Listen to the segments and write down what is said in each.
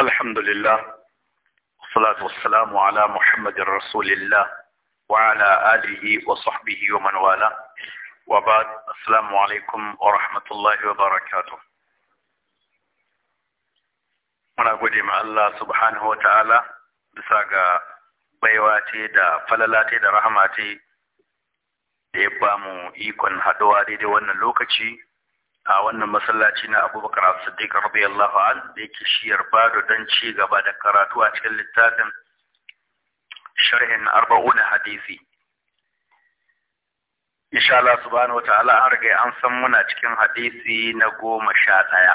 الحمد لله والصلاة والسلام على محمد رسول الله وعلى آله وصحبه ومن والاه وبعد السلام عليكم ورحمة الله وبركاته muna gode ma Allah subhanahu wa ta'ala bisa ga baiwa ce da falala ce da rahama ce da ya ba mu ikon haɗuwa daidai wannan lokaci a wannan masallaci na abubakar as-siddiq radiyallahu an da yake shiyar bado don ci gaba da karatu a cikin littafin sharhin arba'una hadisi insha Allah subhanahu ta'ala an rage an san muna cikin hadisi na goma sha ɗaya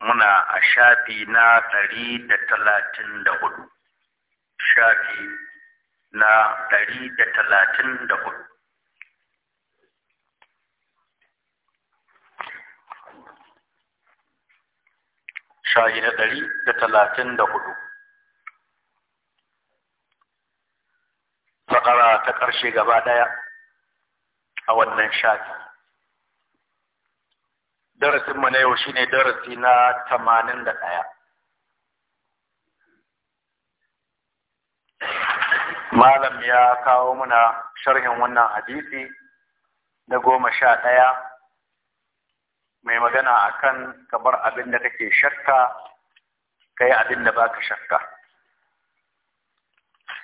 muna a shafi na ɗari da talatin da hudu shafi na ɗari da talatin da hudu shahi na ɗari da talatin da hudu fakara ta ƙarshe gaba ɗaya a wannan shafi darasinmu na yau shi ne darasi na tamanin da ɗaya malam ya kawo muna sharhin wannan hadisi na goma sha ɗaya mai magana a kan kamar abin da kake shakka kai yi abin da baka shakka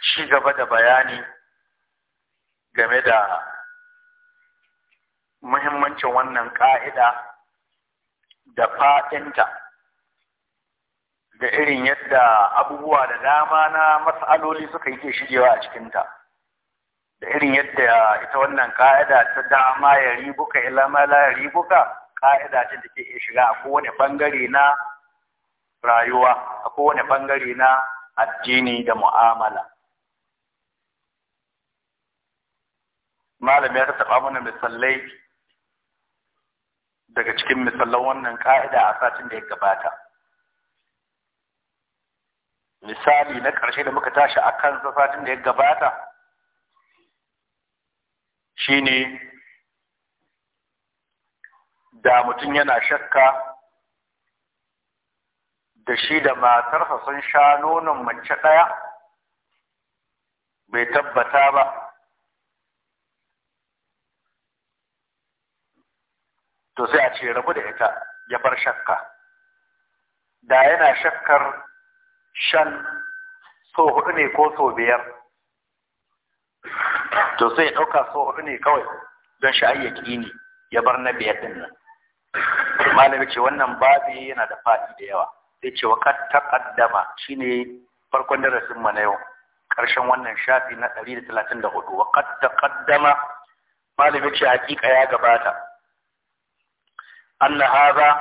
ci gaba da bayani game da muhimmancin wannan ƙa'ida da faɗinta da irin yadda abubuwa da dama na matsaloli suka yi ke shigewa a cikinta da irin yadda ita wannan ka'ida ta dama ya ribuka ilama la ya ribuka ka'ida ce da ke iya shiga a kowane bangare na rayuwa a kowane bangare na addini da mu'amala malam ya taɓa mana misalai daga cikin misalan wannan ka'ida a satin da ya gabata misali na ƙarshe da muka tashi a kan satin da ya gabata shine da mutum yana shakka da shi da matarsa sun sha nonon mace ɗaya bai tabbata ba to sai a ce rabu da ita ya bar shakka da yana shakkar shan so hudu ne ko so biyar to sai ya ɗauka so huɗu ne kawai don sha'ayyaki ne ya bar na biyar ɗin nan malami ce wannan babi yana da faɗi da yawa sai ce wa kad shi ne farkon darasin mu na yau ƙarshen wannan shafi na 134 wa ta taqaddama malami ce hakika ya gabata anna haza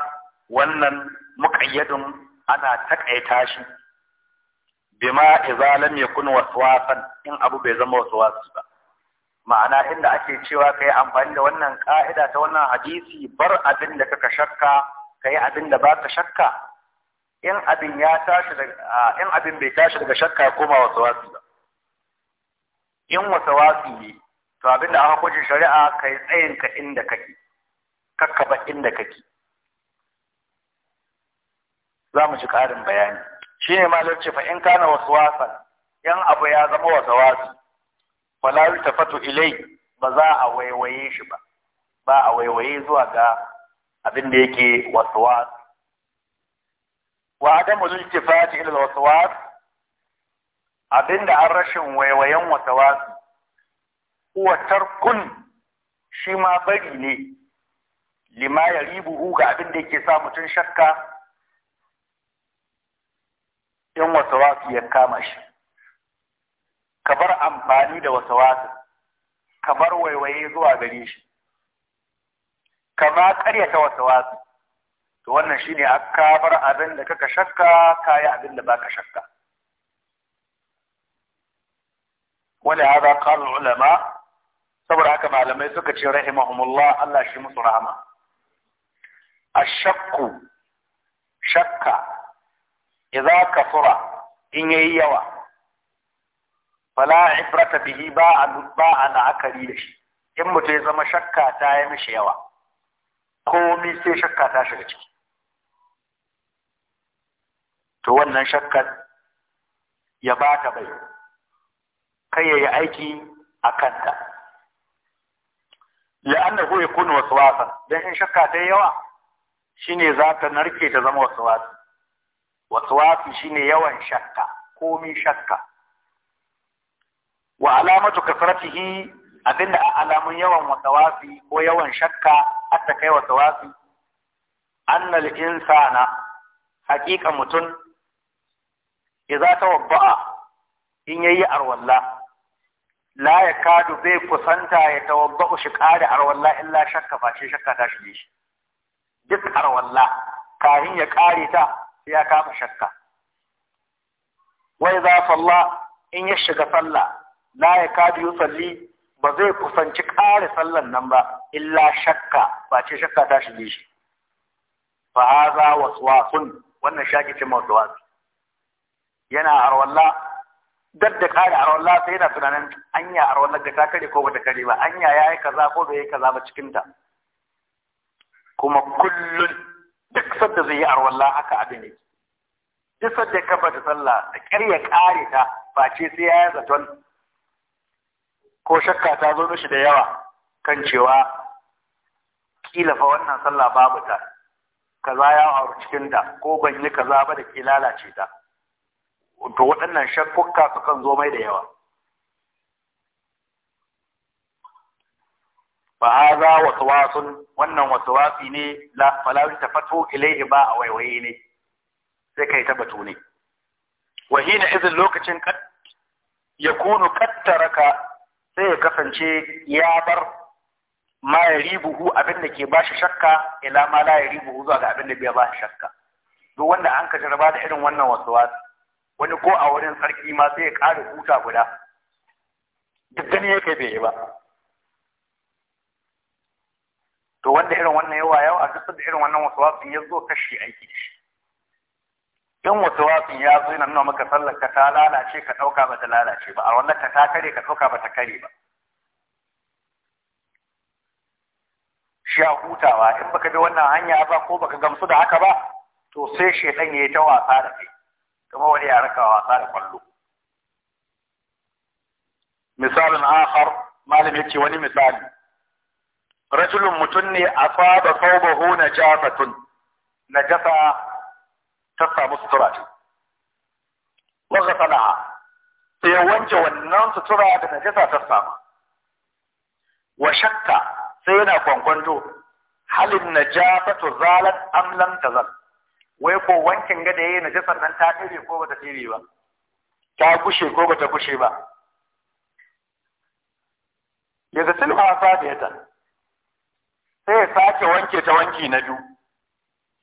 wannan muqayyadun ana taƙaita shi bima ya lam yakun waswasan in abu bai zama wasu ba ma'ana inda ake cewa ka yi amfani da wannan ka'ida ta wannan hadisi bar abin da kaka shakka ka yi abin da baka shakka in abin ya tashi in abin bai tashi daga shakka koma wasu wasu ba in wasu wasu ne to abin da aka kwace shari'a ka yi tsayin ka inda kake kakka ba inda kake za mu ci ƙarin bayani shi ne malar ce fa in kana wasu wasan yan abu ya zama wasu wasu wala fato ilai ba za a waiwaye shi ba ba a waiwaye zuwa ga abin da yake waswas wa adamu liltifati ila waswas abinda an rashin waiwayen waswas huwa tarkun shi ma bari ne lima ya ribuhu ga abin da yake sa mutum shakka in waswas ya kama shi ka bar amfani da wasu wasu ka bar waiwaye zuwa gare shi ka ma karyata wasu wasu to wannan ne ka bar abin da kaka shakka kayi abin da baka shakka Wani hada qala ulama saboda haka malamai suka ce rahimahumullah Allah shi musu rahama ashakku shakka idza kasura in yayi yawa fala ibrata bihi ba a ba a la'akari da shi in mutum ya zama shakka ta yi mishi yawa mi sai shakka ta shiga ciki to wannan shakka ya ba ta bai kai ya yi aiki a kanta kuna yakunu waswasan dan in shakka ta yawa shine za ta narke ta zama Wasu waswasi shine yawan shakka komi shakka wa alamatu kasratihi abinda alamun yawan wasawasi ko yawan shakka hatta kai wasawasi na. insana haqiqa mutun idza tawabba'a in yayi arwalla la yakadu bai kusanta ya tawabba'u shi qada arwalla illa shakka fa shakka ta shige shi duk arwalla kahin ya kare ta ya kama shakka wa idza salla in ya shiga sallah la ya kadu yusalli ba zai kusanci kare sallan nan ba illa shakka ba ce shakka ta shige shi fa haza waswasun wannan shaki ce mawduwasi yana arwalla dab da kare arwalla sai yana tunanin anya arwalla ga ta kare ko bata kare ba anya yayi kaza ko bai yi kaza ba cikin ta kuma kullun duk sadda zai yi arwalla haka abin ne duk sadda ka bata sallah da ya kare ta ba ce sai yayi zaton ko shakka ta zo mishi da yawa kan cewa kila fa wannan sallah babu ta kaza ya auri cikin da ko ban yi kaza ba da ke lalace ta to waɗannan shakkuka sukan zo mai da yawa fa hadha waswasun wannan waswasi ne la fala tafatu ilayhi ba a waiwaye ne sai kai ta batu ne wa hina idan lokacin kad yakunu kattaraka sai ya kasance ya bar ma ya ribuhu abin da ke bashi shakka ila ma la ya ribuhu zuwa ga abin da bai bashi shakka duk wanda an ka jarraba da irin wannan wasuwasu wani ko a wurin sarki ma sai ya ƙara huta guda duk gani yake bai ba to wanda irin wannan yawa yawa duk da irin wannan wasuwasun ya zo kashi aiki da shi in wafin ya zo yana nuna maka sallar ka ta lalace ka ɗauka ba ta lalace ba a wannan ka ta kare ka ɗauka ba ta kare ba Shi a hutawa in baka bi wannan hanya ba ko baka gamsu da haka ba to sai shedan ya yi ta wasa da kai kuma wani ya raka wasa da kwallo misalin akhar malam yace wani misali rajulun mutum ne a asaba thawbahu Na najasa ta samu sutura ce wanda a, sai wanke wannan sutura da najasa ta samu wa shakka sai yana kwankwanto halin najasatu zalat am lam tazal wai ko wankin ga da yayi najasar nan ta tare ko bata tare ba ta gushe ko bata gushe ba da ya ta, sai ya sake wanke ta wanki na biyu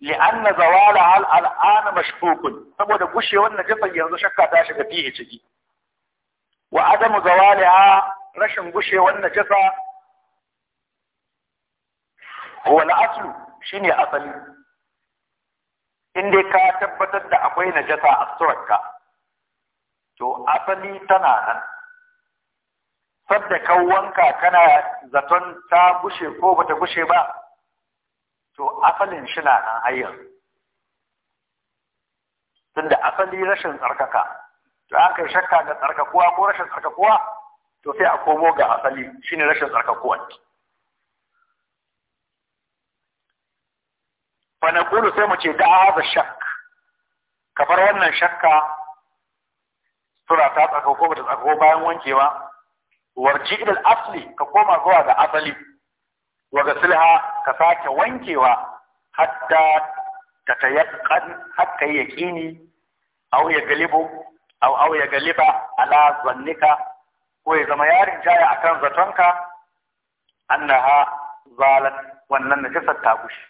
zawala زوالها الآن مشكوك saboda wannan najasar yanzu shakka ta shiga fihi ciki wa adamu zawaliha rashin gushewar najasa wal aslu shine asali in dai ka tabbatar da akwai najasa a surarka to asali tana nan sadda ka kana zaton ta gushe ko bata gushe ba to asalin shi na nan har yanzu tunda asali rashin tsarkaka to aka shakka ga tsarkakuwa ko rashin tsarkakuwa to sai a komo ga asali shine rashin tsarkakuwa fa Kulu sai mu ce da hadha shakk kafar wannan shakka sura ta tsaka ko bata tsarkako bayan wankewa warji ila asli ka koma zuwa ga asali waga gasilha ka sake wankewa hatta ta tayaqqan hatta yaqini aw ya galibu aw aw ya galiba ala zannika ko ya zama yarin jaya akan zatonka annaha zalat wannan najasar ta gushi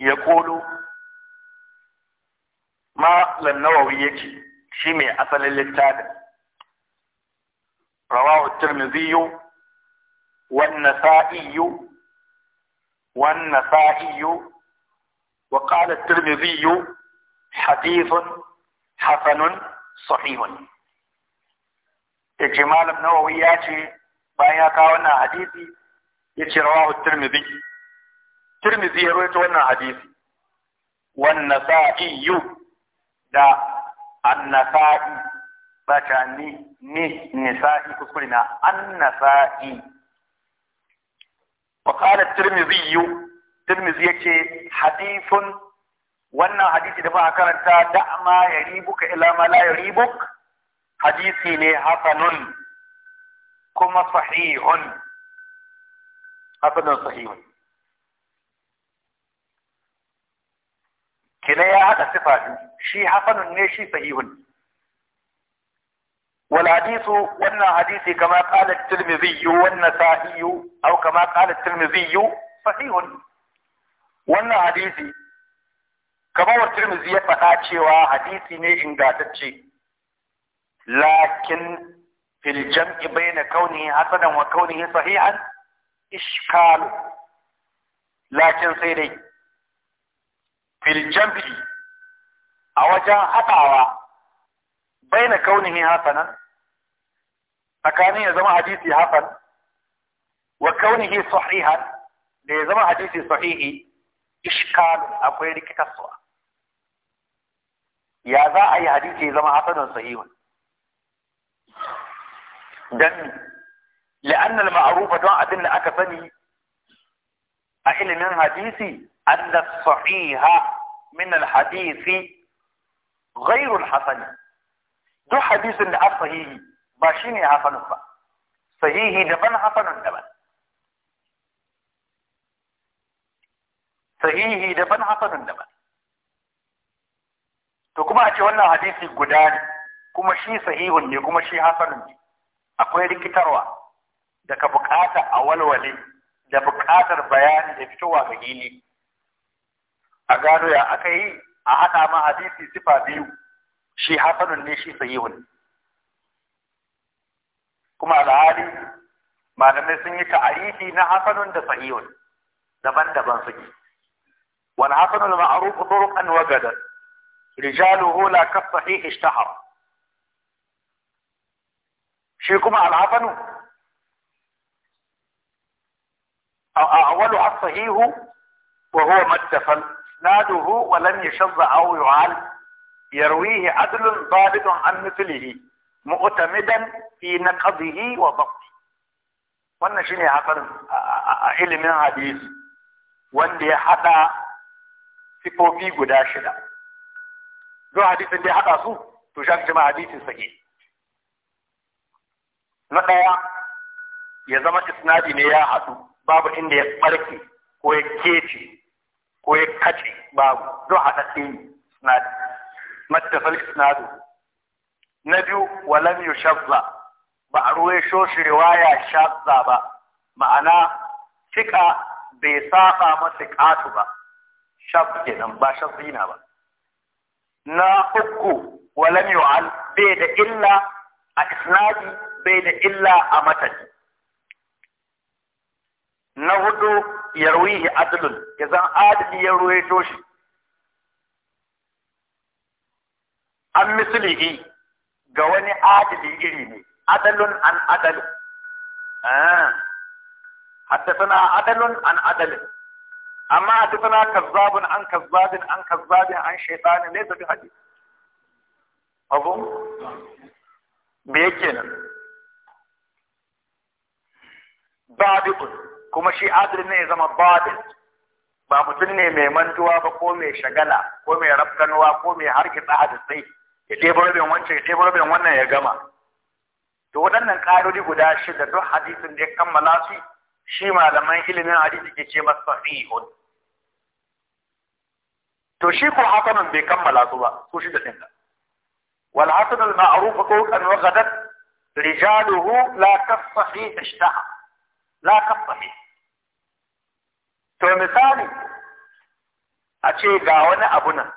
ya kodo ma lannawawi yake shi mai asalin littafin رواه الترمذي والنسائي والنسائي وقال الترمذي حديث حسن صحيح اجمال ابن وياتي بايا كاونا حديثي يتي رواه الترمذي الترمذي رويت ونا حديثي والنسائي ده النسائي saka ni ni nisa'i kuskure na an nasa'i wa qala tirmidhi tirmidhi yace hadithun wannan hadisi da ba karanta da ma yaribuka ila ma la yaribuk hadisi ne hasanun kuma sahihun hasanun sahihun kina ya hada sifa shi hasanun ne shi sahihun wal hadisu wannan hadisi kama qala at-tirmidhi wa kama qala at wannan hadisi kamar wa ya faɗa cewa hadisi ne ingantacce lakin fil jam'i bayna kaunihi hasanan wa kaunihi sahihan ishkal lakin sai dai fil a wajen haɗawa tsakanin ya zama hadisi hasan wa kaunihi sahihan da ya zama hadisi sahihi ishkal akwai rikitarsuwa ya za a yi hadisi ya zama hasanun sahihun dan la'annal ma'rufa don abin da aka sani a ilimin hadisi anna sahiha min al-hadisi ghairu al-hasan duk hadisin da as-sahihi ba shi ne hafanin ba sahihi daban hafanun daban sahihi daban hafanun daban to kuma a ce wannan hadisi guda ne kuma shi sahihun ne kuma shi hafanun ne akwai rikitarwa da ka bukata a walwale da bukatar bayani da fitowa ga gini a gano ya aka yi a haɗa ma hadisi sifa biyu shi hafanun ne shi sahihun kuma al'adi malamai sun yi ta'arifi na hasanun da sahihun daban-daban suke wal al ma'ruf turuqan wa gadan rijaluhu la ka sahih ishtahar shi kuma al alhasanu sahih wa huwa ما naduhu wa lam yashadh aw yu'al يرويه عدل ضابط عن مثله mu'tamidan fi naqdihi wa dhabt wannan shine hasarin a ilimin hadisi wanda ya hada sifofi guda shida don hadisin da ya hada su to shi jama'a hadisin sahih na daya ya zama isnadi ne ya hadu babu inda ya barke ko ya kece ko ya kace babu don hada isnadi matasal isnadu na biyu walam shabza, ba a ruwaito shi riwaya shazza ba ma'ana fika bai saba masa ƙatu ba shaf kenan ba shazina ba na uku walam al bai da illa a isnadi bai da illa a matani na hudu yarwihi adlun ya zan adali ya ruwaito shi an mislihi ga wani adili iri ne adalun an adalin حدثنا عدل عن عدل أما حدثنا كذاب عن كذاب عن كذاب عن شيطان ليس بحديث أظن بيجينا ضابط kuma shi adalin ne zama babin ba mutum ne mai mantuwa ba ko mai shagala ko mai rafkanuwa ko mai harkitsa hadisai ya ɗebo rabin wancan ya ɗebo rabin wannan ya gama to waɗannan ƙa'idodi guda shida duk hadisin da ya kammala su shi malaman ilimin hadisi ke ce masa sahihun to shi ko hasanun bai kammala su ba su shida ɗin nan wal hasanul ma'ruf qawlan wa ghadat rijaluhu la tasahih ishtaha la tasahih to misali a ce ga wani abu nan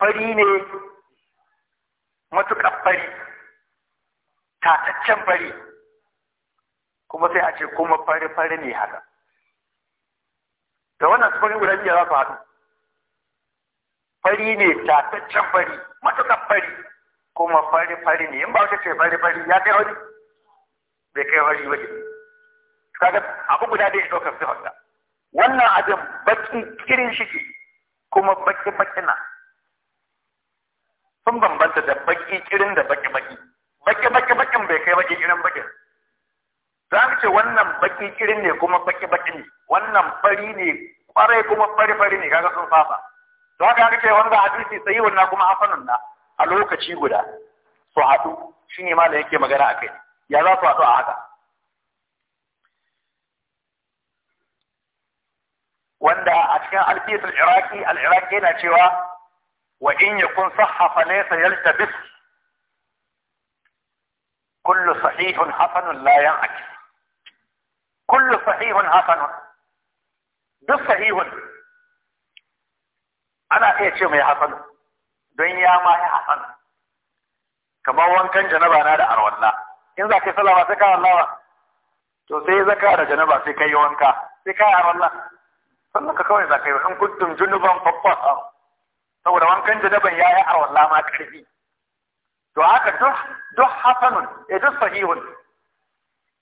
fari ne matuƙar fari tataccen fari kuma sai a ce kuma fari-fari ne haka da wannan sufari guda biyar za su haɗu fari ne tataccen fari matuƙar fari kuma fari-fari ne in ba wata ce fari-fari ya kai wani bai kai wani wani kaga abu guda da ya ɗaukar sifarsa wannan abin bakin kirin shi kuma bakin baƙi na sun bambanta da baki kirin da baki baki baki baki bakin bai kai baki kirin bakin za mu ce wannan baki kirin ne kuma baki baki ne wannan fari ne kwarai kuma fari fari ne kaga sun fafa to haka ka ce wanda hadisi sai wannan kuma hasanun na a lokaci guda su haɗu shine ma da yake magana a kai ya za su haɗu a haka wanda a cikin alfisar iraki al-iraki yana cewa وإن يكون صح فليس يلتبس كل صحيح حسن لا يعكس كل صحيح حسن دو صحيح أنا أيش يوم حسن دنيا ما هي حسن كما وان كان جنبا نادى أروى الله إن ذاك سلام سكا الله تو سي ذكا رجنبا سكا يوانكا سكا أروى الله سنك كوي ذاك إن كنتم جنبا فقط saboda wankan da daban ya yi arwalla ma ƙarfi to haka duk hafanun ya eh, duk sahihun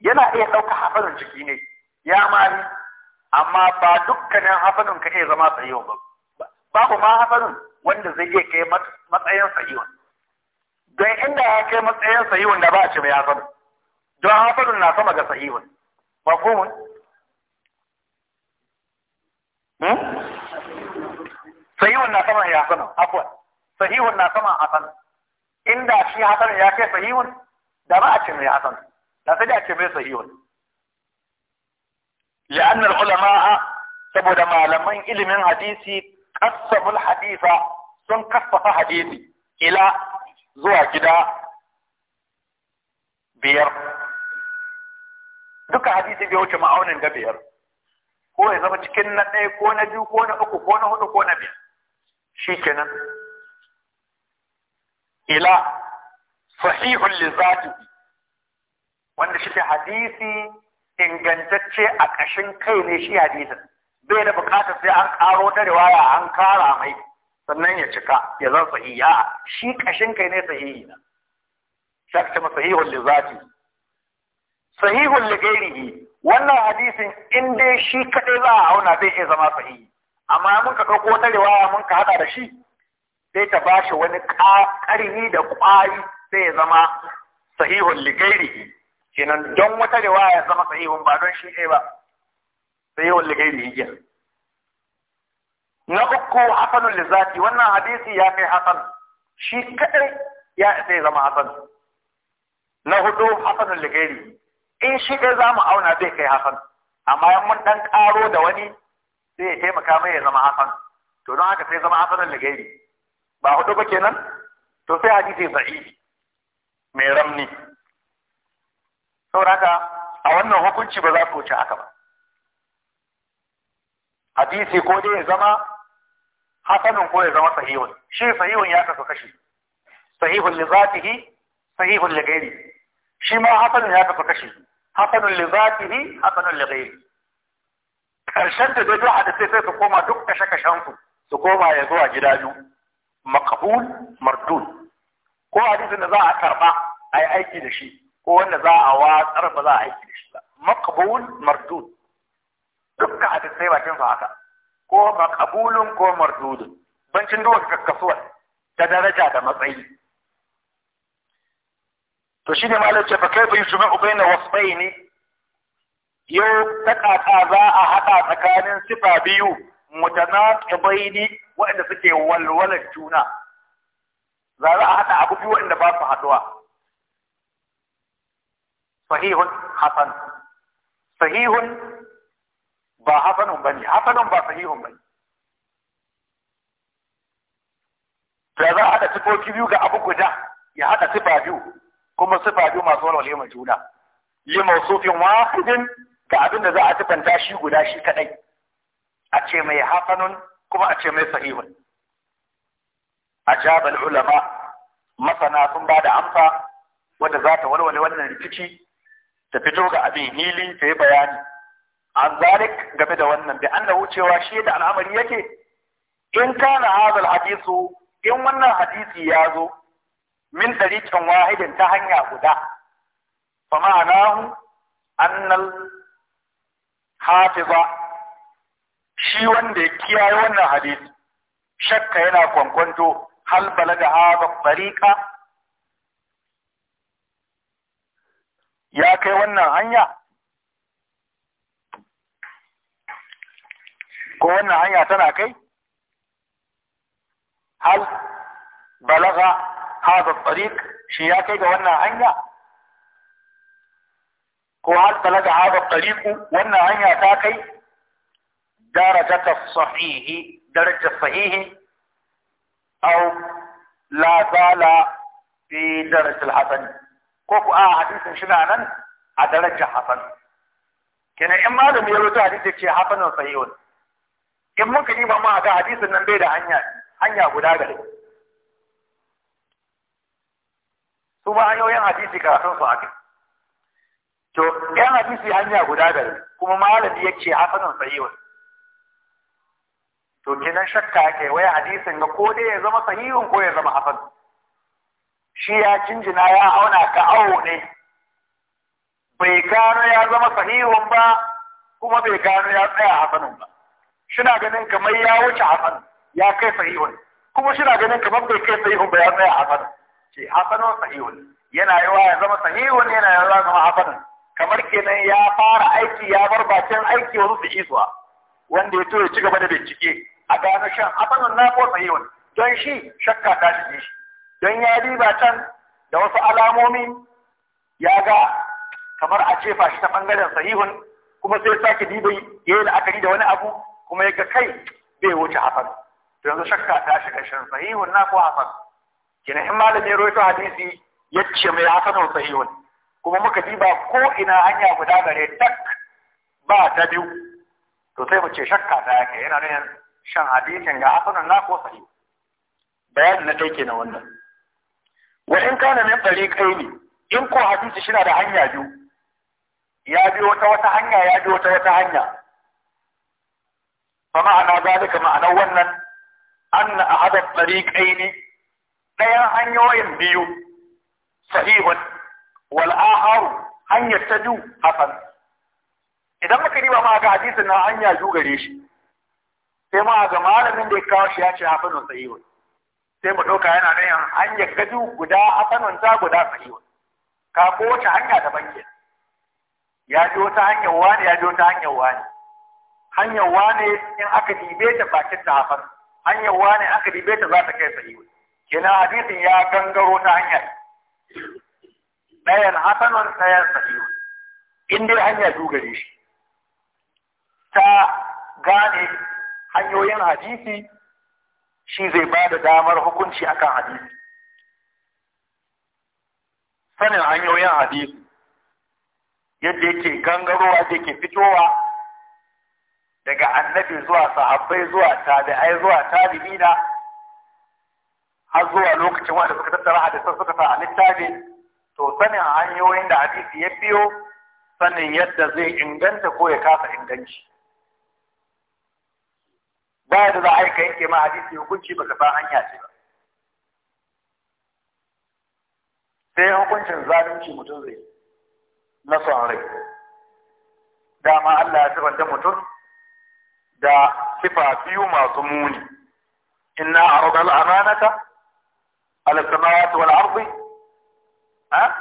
yana iya ɗauka hafanun ciki ne ya mani amma ba dukkanin hafanun ka iya zama sahihun ba babu ma hafanun wanda zai iya kai matsayin sahihun don inda ya kai matsayin sahihun da ba a ce mai sanu. don hafanun na sama ga sahihun mafhumun Hmm? sahihun na sama ya sanu afwan sahihun na sama a sanu inda shi hasan ya kai sahihun da ba a ce mai hasan da sai a ce mai sahihun لأن العلماء سبود ما لم يقل من حديثي قسم الحديث سن قصف حديثي إلى زوا جدا بير دوكا حديثي بيوش معاون دا بير هو إذا بتكنا إيه، نيكونا بيوكونا أكو كونا هنو كونا بير shikenan ila sahihun lizati wanda shi hadisi ingantacce a ƙashin kai ne shi hadisin bai da bukatar sai an karo ta riwaya an kara mai sannan ya cika ya zan sahiya shi ƙashin kai ne sahihi na shakta ma sahihun lizati sahihun ligairihi wannan hadisin in dai shi kaɗai za a auna zai iya zama sahihi amma mun ka ɗauko wata riwaya mun ka haɗa da shi sai ta ba shi wani ƙarni da ƙwari sai ya zama sahihun ligairi kenan don wata riwaya ya zama sahihun ba don shi ɗaya ba sahihun ligairi ya na uku hasanun lizati wannan hadisi ya kai hasan shi kaɗai ya isa ya zama hasan na hudu hasanun ligairi in shi ɗaya za mu auna zai kai hasan amma yan mun ɗan ƙaro da wani sai ya taimaka mai ya zama hasan to don haka sai zama da gairi ba hudu ba kenan to sai hadisi sa'i mai ramni saboda haka a wannan hukunci ba za su wuce haka ba hadisi ko dai ya zama hasanin ko ya zama sahihun shi sahihun ya kasu kashi sahihun li zatihi sahihun li gairi shi ma hasanin ya kasu kashi hasanun li zatihi hasanun li gairi karshen da dai hadisai sai su koma duk kashe kashen su su koma ya zuwa gida biyu maqbul mardud ko hadisin da za a karba ai aiki da shi ko wanda za a watsar ba za a aiki da shi ba maqbul mardud duk da hadisai bakin sa haka ko maqbulun ko mardudun bancin duwa kakkasuwar ta daraja da matsayi to shine malai ce fa kaifa yujma'u baina wasfaini yau ƙasa za a haɗa tsakanin sifa biyu mutanaqibaini waɗanda suke walwalar juna za a haɗa abu biyu waɗanda ba su haɗuwa sahihun hasan sahihun ba hasanun bane hasanun ba sahihun bane da za a haɗa sifofi biyu ga abu guda ya haɗa sifa biyu kuma sifa biyu masu walwale ma juna li mawsufin wahidin ga abin da za a sifanta shi guda shi kadai a ce mai hasanun kuma a ce mai sahihun ajabal ulama masana sun ba da amsa wadda za ta walwale wannan rikici ta fito ga abin hili ta yi bayani an zalik game da wannan bi annahu cewa shi da al'amari yake in kana hadal hadisu in wannan hadisi ya zo min ɗarikan wahidin ta hanya guda fa ma'anahu annal hafiza shi wanda ya kiyaye wannan hadisi shakka yana kwankwanto hal balaga hada tariqa ya kai wannan hanya ko wannan hanya tana kai hal balaga hada tariq shi ya kai ga wannan hanya ko har balaga hada tariqu wannan hanya ta kai darajata sahihi darajar sahihi aw la zala fi darajar hasan ko ku a hadisin shi nan a darajar hasan kenan in malami ya rubuta hadisi ce hasanun sahihun in muka yi ba ma ga hadisin nan bai da hanya hanya guda gare su ba hanyoyin hadisi karatun su haka to yan hadisi hanya guda da kuma malami yake hasanan sahihun to kenan shakka ake wai hadisin ga ko dai ya zama sahihun ko ya zama hasan shi ya cinjina ya auna ka awo ne bai gano ya zama sahihun ba kuma bai gano ya tsaya hasanun ba shina ganin kamar ya wuce hasan ya kai sahihun kuma shina ganin kamar bai kai sahihun ba ya tsaya hasan ce hasanun sahihun yana yawa ya zama sahihun yana yawa ya zama hasanun kamar kenan ya fara aiki ya bar bakin aiki wasu su isuwa wanda ya ya ci gaba da bincike a gano shan asalin na ko tsayewan don shi shakka ta shi don ya diba can da wasu alamomi ya ga kamar a ce shi ta bangaren sahihun kuma sai sake diba ya yi la'akari da wani abu kuma ya ga kai bai wuce hafan to yanzu shakka ta shiga shan sahihun na ko hafan kina in malamin ya rawaito hadisi ya ce mai hasanun sahihun kuma muka diba ko ina hanya guda gare tak ba ta biyu to sai mu ce shakka ta yake yana nan shan hadisin ga hasanan na ko sahih bayanin na take na wannan wa in kana min ne in ko hadisi shi na da hanya biyu ya biyo ta wata hanya ya biyo ta wata hanya fa ma'ana zalika ma'anar wannan anna ahada tariqaini dayan hanyoyin biyu sahihun wal ahar hanyar ta ju hasan idan muka riba ma ga hadisin na hanya ju gare shi sai ma ga malamin da ya kawo shi ya ce hasanun sahihun sai mu ɗauka yana nan yan hanyar ta ju guda hasanun ta guda sahihun ka ko wace hanya da banke ya ji wata hanyar wani ya ji wata hanyar wani hanyar wani in aka dibe ta bakin ta hasan hanyar wani aka dibe ta za ta kai sahihun kenan hadisin ya gangaro ta hanyar ɗayan hasanun ɗayan sahihun in dai hanya duga shi ta gane hanyoyin hadisi shi zai ba da damar hukunci akan hadisi sanin hanyoyin hadisi yadda yake gangarowa da ke fitowa daga annabi zuwa sahabbai zuwa tabi'ai zuwa tabi'ina har zuwa lokacin wanda suka tattara hadisan suka sa a littafi to sanin hanyoyin da hadisi ya biyo sanin yadda zai inganta ko ya kasa inganci ba da za a yi ka ma hadisi hukunci baka san hanya ce ba sai hukuncin zalunci mutum zai na son rai dama Allah ya sifanta mutum da sifa biyu masu muni Ina a rukar amanata ala samawati wal ardi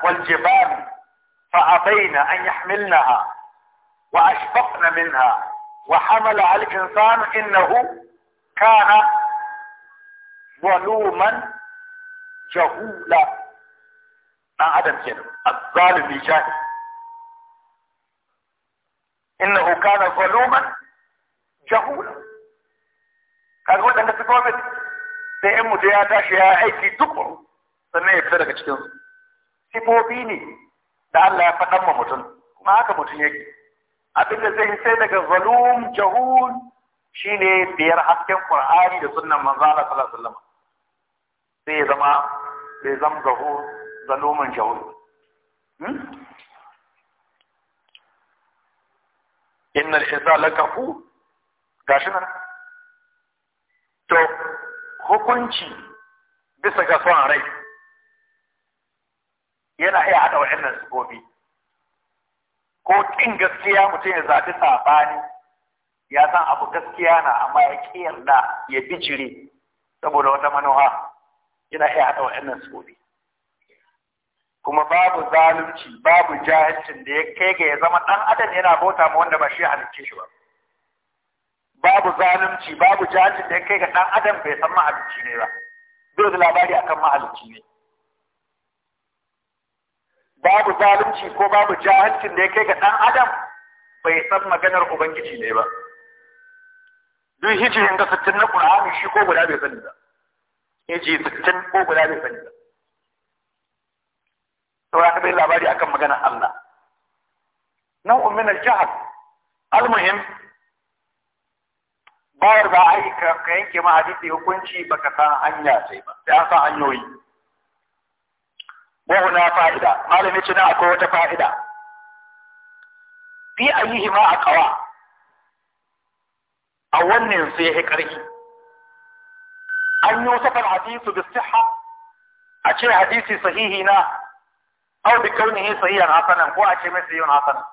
والجبال فأبين أن يحملنها وأشفقن منها وحمل على الإنسان إنه كان ظلوما جهولا ما عدم كده الظالم جاهل إنه كان ظلوما جهولا كان هو أن تتوابت لك in mutu ya tashi ya aiki duk sannan sifofi ne da Allah ya faɗan ma mutum kuma haka mutum yake abin da zai sai daga zalum jahul shine biyar hasken qur'ani da sunan manzo Allah sallallahu alaihi sai ya zama bai zama zahur zalumin jahul hmm? innal insana lakafu gashi nan to hukunci bisa ga son rai yana iya haɗa waɗannan sifofi ko ƙin gaskiya mutum ya zaɓi saɓani ya san abu gaskiya na amma ya ƙi yarda ya bijire saboda wata manoha yana iya haɗa waɗannan sifofi kuma babu zalunci babu jahilcin da ya kai ga ya zama ɗan adam yana bauta ma wanda ba shi halicce shi ba babu zalunci babu jahilcin da ya kai ga ɗan adam bai san mahalicci ne ba dole da labari akan mahalicci ne babu zalunci ko babu jahilcin da ya kai ga ɗan adam bai san maganar ubangiji ne ba duk hijirin da sittin na ƙur'ani shi ko guda bai sani ba hiji sittin ko guda bai sani ba saura ka bai labari akan maganar Allah Nan umminar al-jahl al-muhim bayar ba aika ka yanke ma hadisi hukunci baka san hanya sai ba sai an san hanyoyi وهنا فائدة ما لم يتنا أكو فائدة في أيهما أقوى أولا فيه كريه أن يوصف الحديث بالصحة أشي حديثي صحيحنا أو بكونه صحيحا حسنا هو أشي مسيح حسنا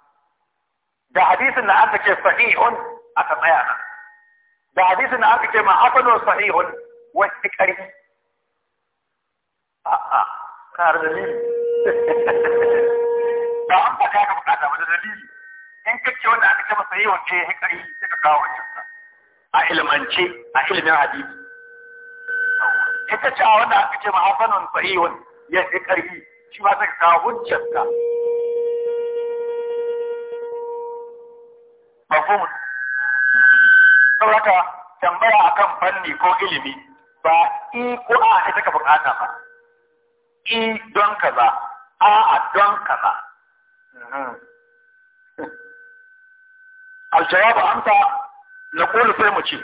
ده حديث أن أنت صحيح أتطيعنا ده حديث أن أنت كما حسن صحيح وهي كريه أه أه. ka da dalili ba an ba ka bukata ba da dalili in kake wanda aka ce masa yi wance ya kari sai ka kawo wancan sa a ilmance a ilimin hadisi ita ce a wanda aka ce ma hasanun sahihun ya fi karfi shi ma sai ka kawo hujjar ka mafhumu saboda tambaya akan fanni ko ilimi ba iko a ne take bukata ba i don kaza a a don kaza al-jawab amsa na kullu sai mu ce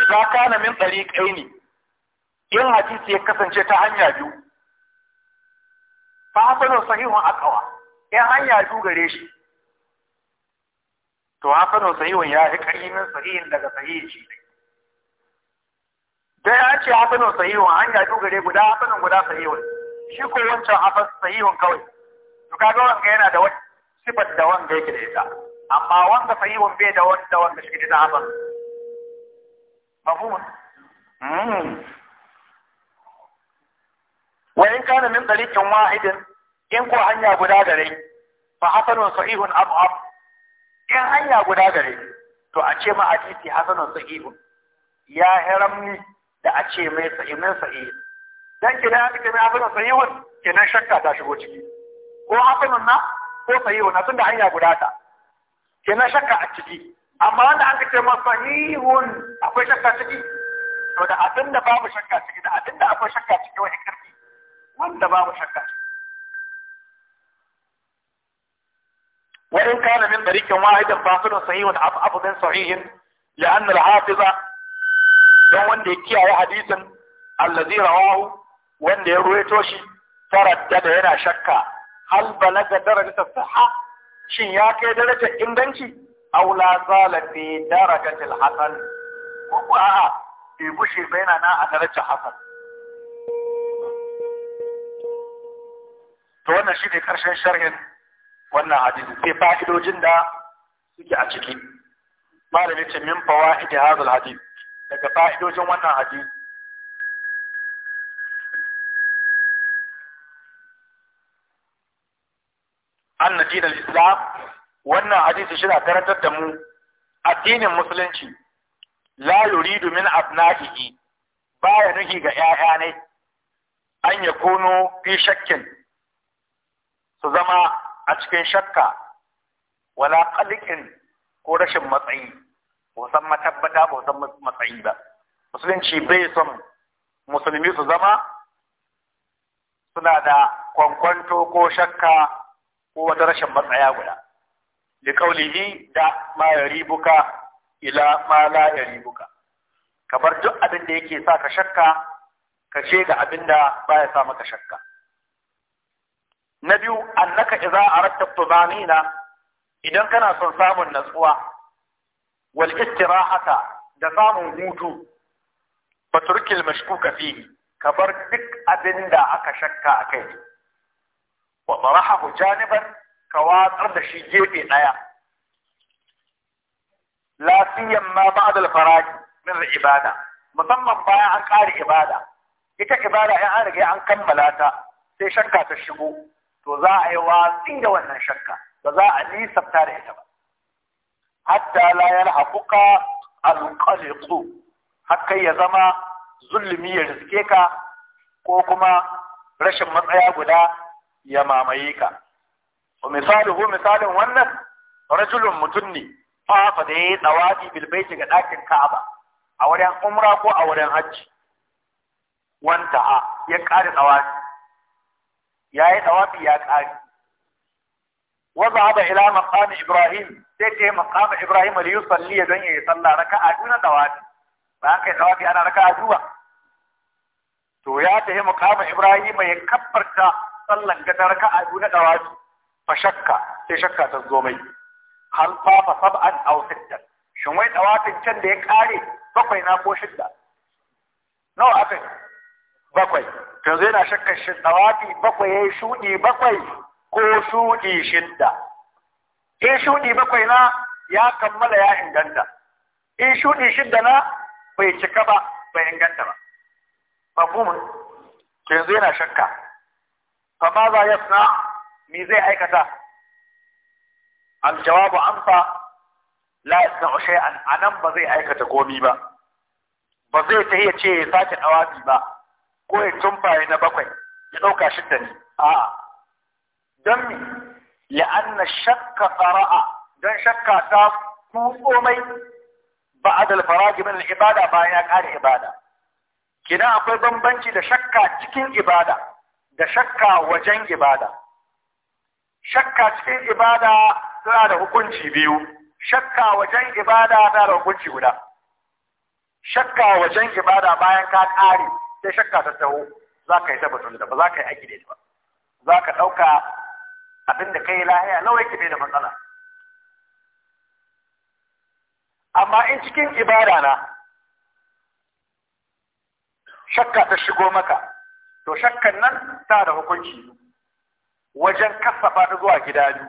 idza kana min ne. in hadisi ya kasance ta hanya biyu fa hasan sahihu akawa in hanya biyu gare shi to hasan sahihu ya fi qayyimin sahihin daga sahihi shi ne da ya ce hasanun sahihun hanya duk gare guda hasanun guda sahihun shi ko wancan hasan sahihun kawai to kaga wanga yana da wani sifar da wanga yake da ita amma wanga sahihun bai da wanda wanda shi da hasan mafhumun hmm. wa in kana min dalikin wahidin in ko hanya guda gare fa hasanun sahihun ab'ab in hanya guda gare to a ce ma hadisi hasanun sahihun ya haramni. da a ce mai sa'imin sa'i dan kina ya dake mai hafinan sahihun kenan shakka ta shigo ciki ko hafinan na ko sahihun na tunda hanya guda ta kenan shakka a ciki amma wanda an kace ma sahihun akwai shakka ciki to da abin da babu shakka ciki da abin da akwai shakka ciki wani karfi wanda babu shakka ciki وإن كان من طريق واحد فاصل صحيح أضعف من صحيح لأن hafiza. don wanda ya kiyaye hadisin allazi rawahu wanda ya ruwaito shi faradda da yana shakka hal balaga darajata sahha shin ya kai darajar inganci aw la zala fi darajatil hasan ko a a bai bushe ba yana nan a darajar hasan to wannan shi ne karshen sharhin wannan hadisi sai fa'idojin da suke a ciki malamin ce min fawaidi hadal hadisi daga fa'idojin wannan hadisi na islam wannan hadisi shi karantar da mu addinin musulunci la yuridu min Ba ya nuhi ga 'ya'ya ne an ya kuno fi shakkin su zama a cikin shakka wala qaliqin ko rashin matsayi ba san matabbata ba san matsayi ba musulunci bai son musulmi su zama suna da kwankwanto ko shakka ko wata rashin matsaya guda li kaulihi da ma yaribuka ila ma la yaribuka kamar duk abin da yake sa ka shakka ka ce ga abin da baya sa maka shakka na biyu annaka idza aradta tumanina idan kana son samun natsuwa wal istirahata da samun hutu faturkil mashkuka fihi ka bar duk abin da aka shakka a kai wa tarahahu janiban ka watsar da shi gefe ɗaya. lafiyan ma ba'd al min ibada musamman bayan an kare ibada ita ibada in an riga an kammala ta sai shakka ta shigo to za a yi watsi da wannan shakka ba za a nisabta da ita ba hatta la yalhaquka alqaliqu hakka ya zama zulmi ya riske ka ko kuma rashin matsaya guda ya mamaye ka misaluhu misalin wannan rajulun mutum ne fafa da yayi tsawafi bil baiti ga dakin Ka'aba a wurin umra ko a wurin hajji wanta ya kare tsawafi yayi tsawafi ya kare وضع إلى مقام إبراهيم تيجي مقام إبراهيم ليصلي دنيا يصلى ركعة دون دوات بانك دوات أنا ركعة دوا تو ياته مقام إبراهيم يكبر كا صلى ركعة دون دوات فشكا تشكا تزومي هل طاف سبعا أو ستا شموي دوات تشند يكاري بقينا بو شدة نو أفن بقوي تزين أشكا شدواتي بقوي شودي بقوي ko shuɗi shidda in shuɗi bakwai na ya kammala ya inganta in shuɗi shidda na bai cika ba bai inganta ba mafhumin ke yanzu yana shakka fa ma za suna me zai aikata aljawabu amsa la ushe an anan ba zai aikata komi ba ba zai ta iya ce ya sake dawabi ba ko ya tumfaye na bakwai ya ɗauka shidda ne a'a don mi la'anna shakka fara'a don shakka ta kutso mai ba al-faragi min al-ibada bayan ya kare ibada kina akwai bambanci da shakka cikin ibada da shakka wajen ibada shakka cikin ibada tana da hukunci biyu shakka wajen ibada tana da hukunci guda shakka wajen ibada bayan ka kare sai shakka ta taho za ka yi tabbatar da ba za ka yi aiki da ita ba za ka ɗauka abin da kai lahiya nawa yake bai da matsala amma in cikin ibada na shakka ta shigo maka to shakkan nan ta da hukunci wajen kasafa faɗi zuwa gida biyu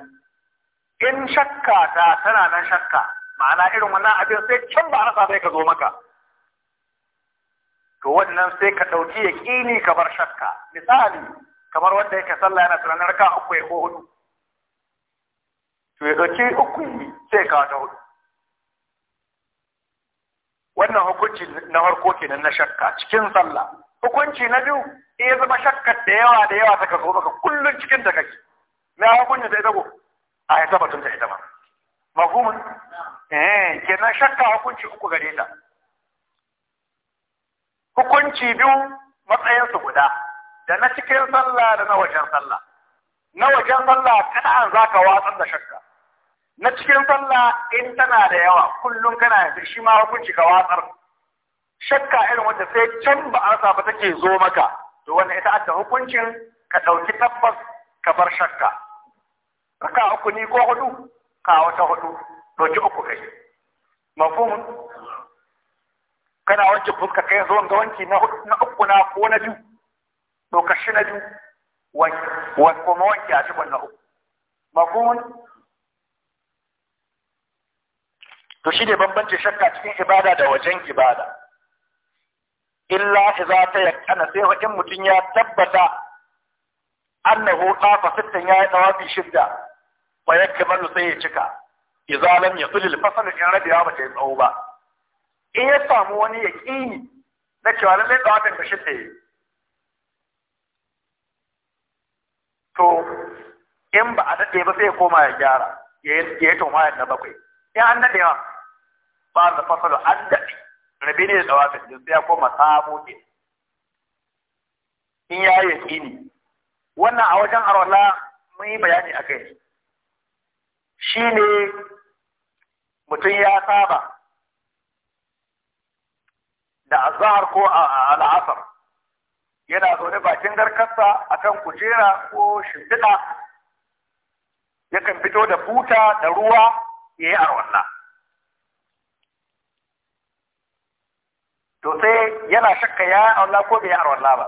in shakka ta tana nan shakka ma'ana irin wannan abin sai can ba rasa sai ka zo maka to wannan sai ka ɗauki yaƙini ka bar shakka misali kamar wanda yake sallah yana tunanin raka uku ko hudu to ya dauki uku sai kawo ta hudu wannan hukunci na farko kenan na shakka cikin sallah hukunci na biyu iya zama shakkar da yawa da yawa ta kaso maka kullum cikin da kake me hukunci da ita ko a ya tabbatun ta ita ma mafhumin eh kenan shakka hukunci uku gare ta hukunci biyu matsayin su guda da na cikin sallah da na wajen sallah na wajen sallah kaɗan za ka watsar da shakka na cikin sallah in tana da yawa kullum kana yanzu shi ma hukunci ka watsar shakka irin wanda sai can ba an ba take zo maka to wannan ita adda hukuncin ka ɗauki tabbas ka bar shakka raka uku ni ko hudu ka wata hudu ji uku kai mafhum kana wanke fuska kai zuwan ga wanki na uku na ko na biyu to kashi na biyu wa kuma wanke a cikin na uku mafhum to shi ne bambancin shakka cikin ibada da wajen ibada illa idza ta yakana sai wa in mutun ya tabbata annahu tafa sittan ya yi tawafi shidda fa yakmalu sai ya cika idza lam yatul al fasl in rabiya ba ta tsawo ba in ya samu wani yaqini na cewa lallai tawafin da shidda to in ba a daɗe ba sai ya koma ya gyara ya yi tumayar na bakwai in an daɗe ma ba da fasalo an daɗe Rabi ne da tsawafin din sai ya koma sabo ne in ya yi yaƙini wannan a wajen arola mun yi bayani a kai shi ne mutum ya saba da azahar ko a al'asar yana zaune bakin garkarsa akan kujera ko shimfiɗa yakan fito da buta da ruwa ya yi arwanna to sai yana shakka ya arwanna ko bai yi arwanna ba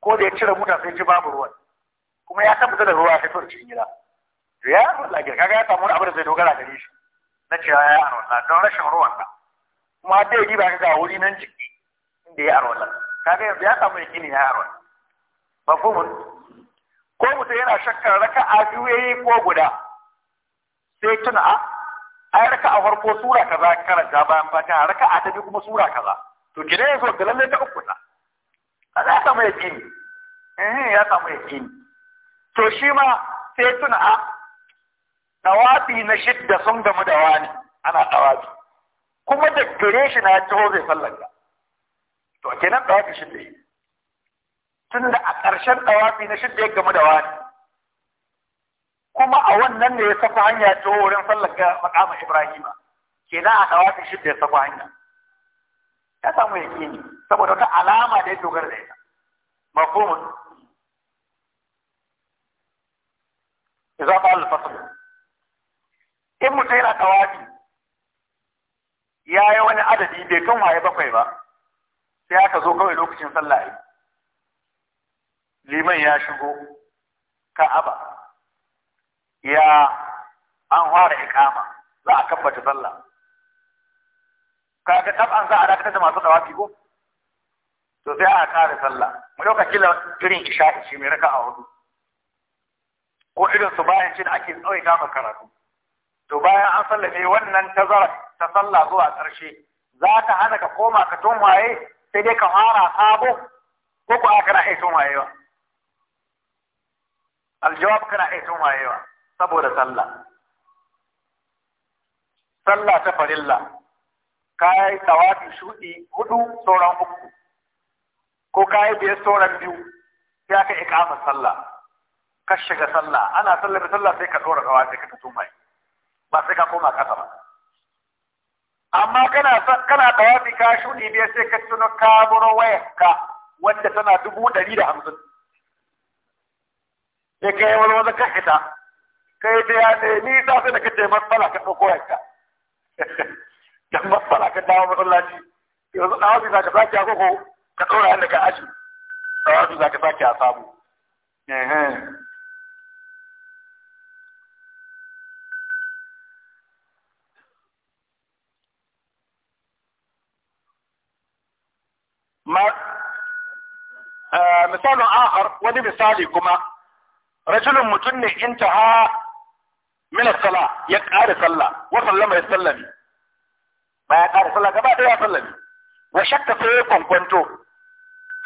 ko da ya cire buta sai ji babu ruwan kuma ya tabbata da ruwa sai fito cikin gida to ya arwanna gida kaga ya samu wani abu da zai dogara gare shi na cewa ya yi arwanna don rashin ruwan ba kuma dai ba ga wuri nan jiki inda ya arwanna kaga yanzu ya samu yakini ya haron mafhumun ko mutum yana shakkar raka'a biyu yayi ko guda sai tuna a ai raka'a farko sura kaza karanta bayan fatiha raka'a ta biyu kuma sura kaza to kina dai so lalle ta uku ta kaza ya samu yakini eh ya samu yakini to shi ma sai tuna a tawafi na shidda sun gamu da wani ana tawafi. kuma da gare shi na taho zai sallanka to kenan ɗawafi shidda yi tun da a ƙarshen ɗawafi na shidda ya gamu da wani kuma a wannan ne ya safa hanya ta wurin sallar ga makama Ibrahima kenan a ɗawafi shidda ya safa hanya ya samu yakini saboda wata alama da ya dogara da ita mafhumun Iza fa al-fasl in mutum yana tawafi ya yi wani adadi bai tun waye bakwai ba sai aka zo kawai lokacin sallah yi liman ya shigo ka'aba ya an fara ikama za a kabbata sallah kaga tab'an za a dakatar da masu dawafi ko to sai a kare sallah mu lokacin da irin isha'i shi mai raka a hudu ko irin su bayan shi da ake tsawaita ma karatu to bayan an sallame wannan tazara ta sallah zuwa ƙarshe za ta hana ka koma ka tun waye sai dai ka fara sabo ko ko na iya ma yawa aljawab kana iya ma yawa saboda sallah sallah ta farilla ka yi tawafi shuɗi hudu sauran uku ko ka yi biyar sauran biyu sai aka ikamar sallah ka shiga sallah ana sallar da sallah sai ka ɗora tawafi ka tafi mai ba sai ka koma ƙasa ba amma kana kana tawafi ka shudi biyar sai ka tuno ka buro wayarka wanda tana dubu ɗari da hamsin sai ka yi walwaza ka hita kai da ya ne nisa sai da kace matsala ka ɗauko wayarka dan masala ka dawo masallaci yanzu tawafi za ka sake koko ka ɗora yadda ka aji tawafi za ka sake a samu misali kuma rajulun mutum ne intaha min as-sala ya ƙara sallah wa sallama ya sallami ba ya ƙara sallah gaba ɗaya ya sallami wa shakka sai ya kwankwanto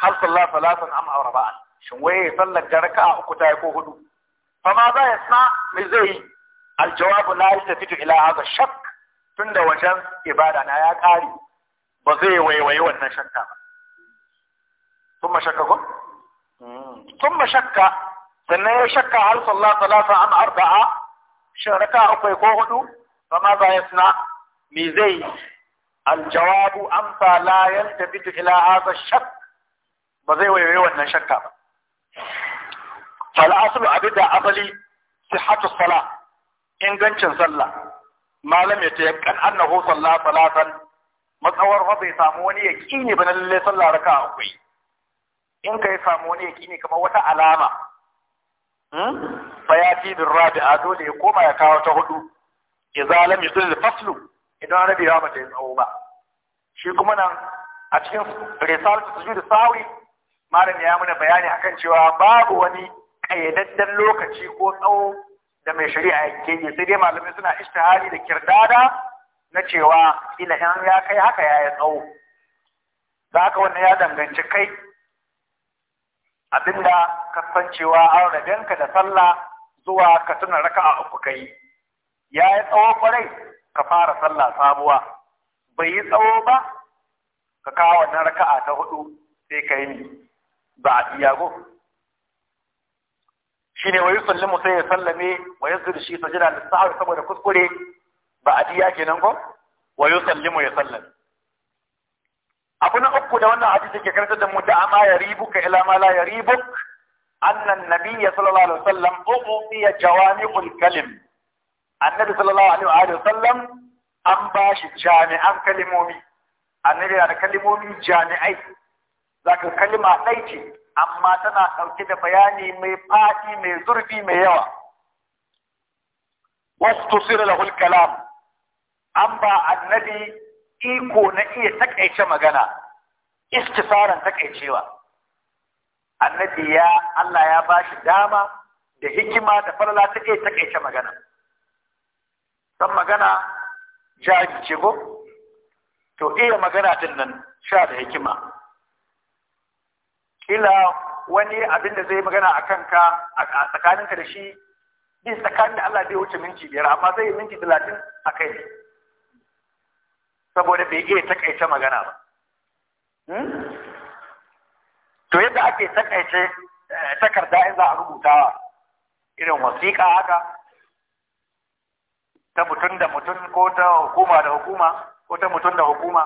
har sallah salatan am aw raba'an shin waye sallar da raka'a uku ta ko hudu fa ma za ya sa me zai yi al jawab la yastafitu ila hadha shakk tunda wajen ibada na ya ƙare ba zai waiwayi wannan shakka ba ثم شككم ثم شك sannan ya shakka har sallah talata an arba'a shin raka akwai ko hudu fama za ya suna me zai aljawabu fa la yaltabitu ila hadha shak ba zai waiwaye wannan shakka ba fal aslu abida asali sihhatu salah ingancin sallah malam ya tayakkan annahu sallah talatan matsawar ba bai samu wani yaqini ba lalle sallah raka akwai in ka yi samu wani yaki ne kamar wata alama hmm? fa ya fi bin rabi'a dole ya koma ya kawo ta hudu ya zalam yusul faslu idan rabi ya yi tsawo ba shi kuma nan a cikin risalat da sawi malam ya muna bayani akan cewa babu wani kayyadadden lokaci ko tsawo da mai shari'a yake yi sai dai malamai suna ishtihari da kirdada na cewa ila in ya kai haka ya yi tsawo da haka wannan ya danganci kai abinda cewa an rabenka da sallah zuwa ka tuna raka'a uku kai ya yi tsawo kwarai ka fara sallah sabuwa bai yi tsawo ba ka kawo wannan raka'a ta hudu sai ka yi ni, ba a shi ne wa yusallimu sai ya sallame wa zuri shi jira da sa'ar saboda kuskure ba a diya kenan ko wa yusallimu ya sallame abu na uku da wannan hadisi ke karantar da mu da ama ya ribuka ila ma la ya ribuk annan nabiyya sallallahu alaihi wasallam uqiya jawami'ul kalim annabi sallallahu alaihi wasallam an ba shi jami'an kalimomi annabi yana da kalimomi jami'ai zaka kalima ɗai ce amma tana ɗauke da bayani mai faɗi mai zurfi mai yawa wasu tusira lahul kalam an ba annabi iko na iya takaice magana istifaran takaicewa annabi ya Allah ya bashi dama da hikima da farla ta iya takaice magana san magana jaji ce ko to iya magana din nan sha da hikima kila wani abin da zai magana a kanka a tsakaninka da shi bin tsakanin da Allah zai wuce minti biyar amma zai yi minti talatin a kai saboda bai iya takaice magana ba hmm? to yadda ake takaice eh, takarda in za a rubuta irin wasiƙa haka ta mutum da mutum ko ta hukuma da hukuma ko ta mutum da hukuma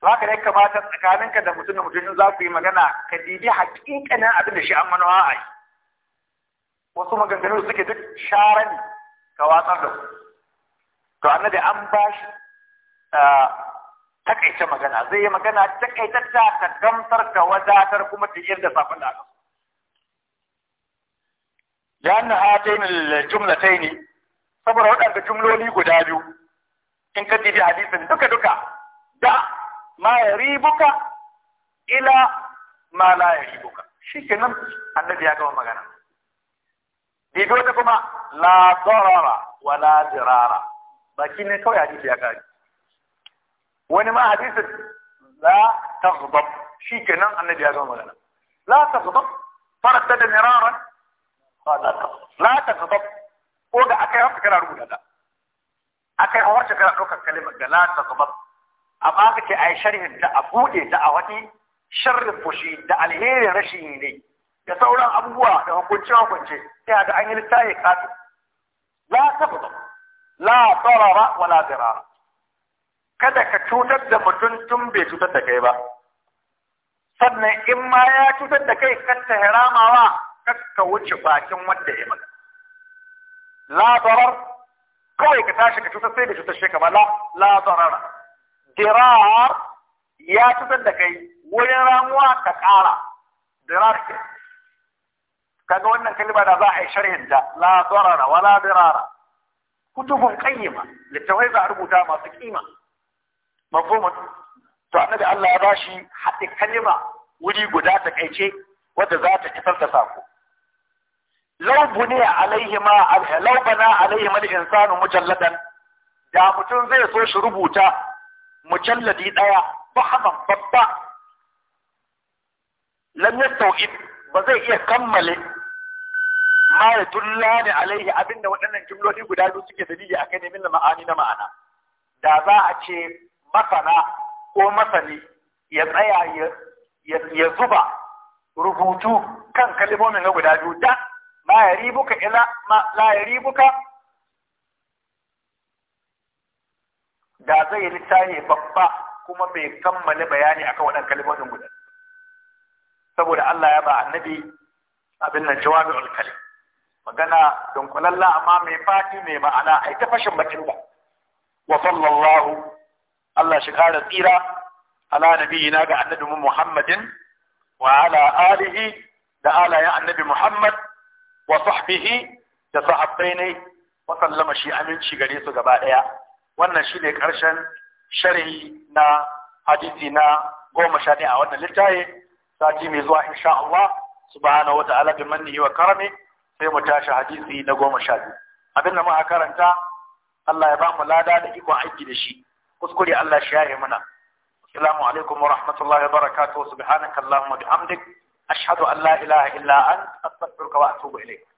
to haka ne kamata tsakaninka da mutum da mutum za ku yi magana ka dibi hakikanin abin da shi an manuwa a yi wasu maganganu suke duk sharan ka watsar da su to annabi an ba shi takaice magana zai yi magana takaitacca ta gamsar da wadatar kuma ta irga safin da aka لأن هاتين الجملتين saboda waɗanda jumloli guda biyu in ka dibi hadisin duka duka da ma ya ribuka ila ma la ya ribuka shi kenan annabi ya gama magana dibi wata kuma la darara wa la dirara baki ne kawai hadisi ya kare wani ma hadisin la taghdab shikenan annabi ya zama magana la taghdab farata da miraran la taghdab ko da akai haka kana rubuta ta akai hawarta kana ɗaukar kalimar da la taghdab amma aka ce yi sharhin ta a buɗe ta a wani sharrin fushi da alherin rashin yi ne da sauran abubuwa da hukunce hukunce sai ga an yi littafi kasu la taghdab la darara wala dirara kada ka cutar da mutum tun bai cutar da kai ba sannan in ma ya cutar da kai kan ta haramawa kar ka wuce bakin wanda ya maka la darar kawai ka tashi ka cutar sai da cutar shi kama la la darar dirar ya cutar da kai wurin ramuwa ka kara dirar ke kaga wannan kalma da za a yi sharhin da la darara wala dirara kutubun qayyima littawai za a rubuta masu kima mafhumun to annabi Allah ya bashi haɗe kalima wuri guda ta kaice wadda za ta isar da sako law buniya alaihi ma law bana alaihi mal insanu mujalladan da mutum zai so shi rubuta mujalladi daya fahaman babba lam yastawid ba zai iya kammale ma ya ne alaihi abinda waɗannan jumloli guda biyu suke dalili akai ne min ma'ani na ma'ana da za a ce masana ko masani ya tsaya ya zuba rubutu kan kalimomin na guda biyu da ma ya ribuka ila ma da zai lissafi babba kuma bai kammala bayani akan waɗannan kalibomin guda saboda Allah ya ba annabi abin nan jawabi kalim magana don kullalla amma mai fati mai ma'ana ai ta fashin bakin ba wa sallallahu Allah shi kara tsira ala nabiyina ga annabi Muhammadin wa ala alihi da ya annabi Muhammad wa sahbihi da sahabbai ne wa sallama shi aminci gare su gaba daya wannan shine karshen sharhi na hadisi na goma sha a wannan littafi sati mai zuwa insha Allah subhanahu wa ta'ala bi mannihi wa karami sai mu tashi hadisi na goma sha biyu abin da muka karanta Allah ya ba mu lada da ikon aiki da shi kuskure Allah shi yaye muna assalamu alaikum wa rahmatullahi wa barakatuh subhanaka allahumma bihamdik ashhadu an la ilaha illa ant astaghfiruka wa atubu ilayk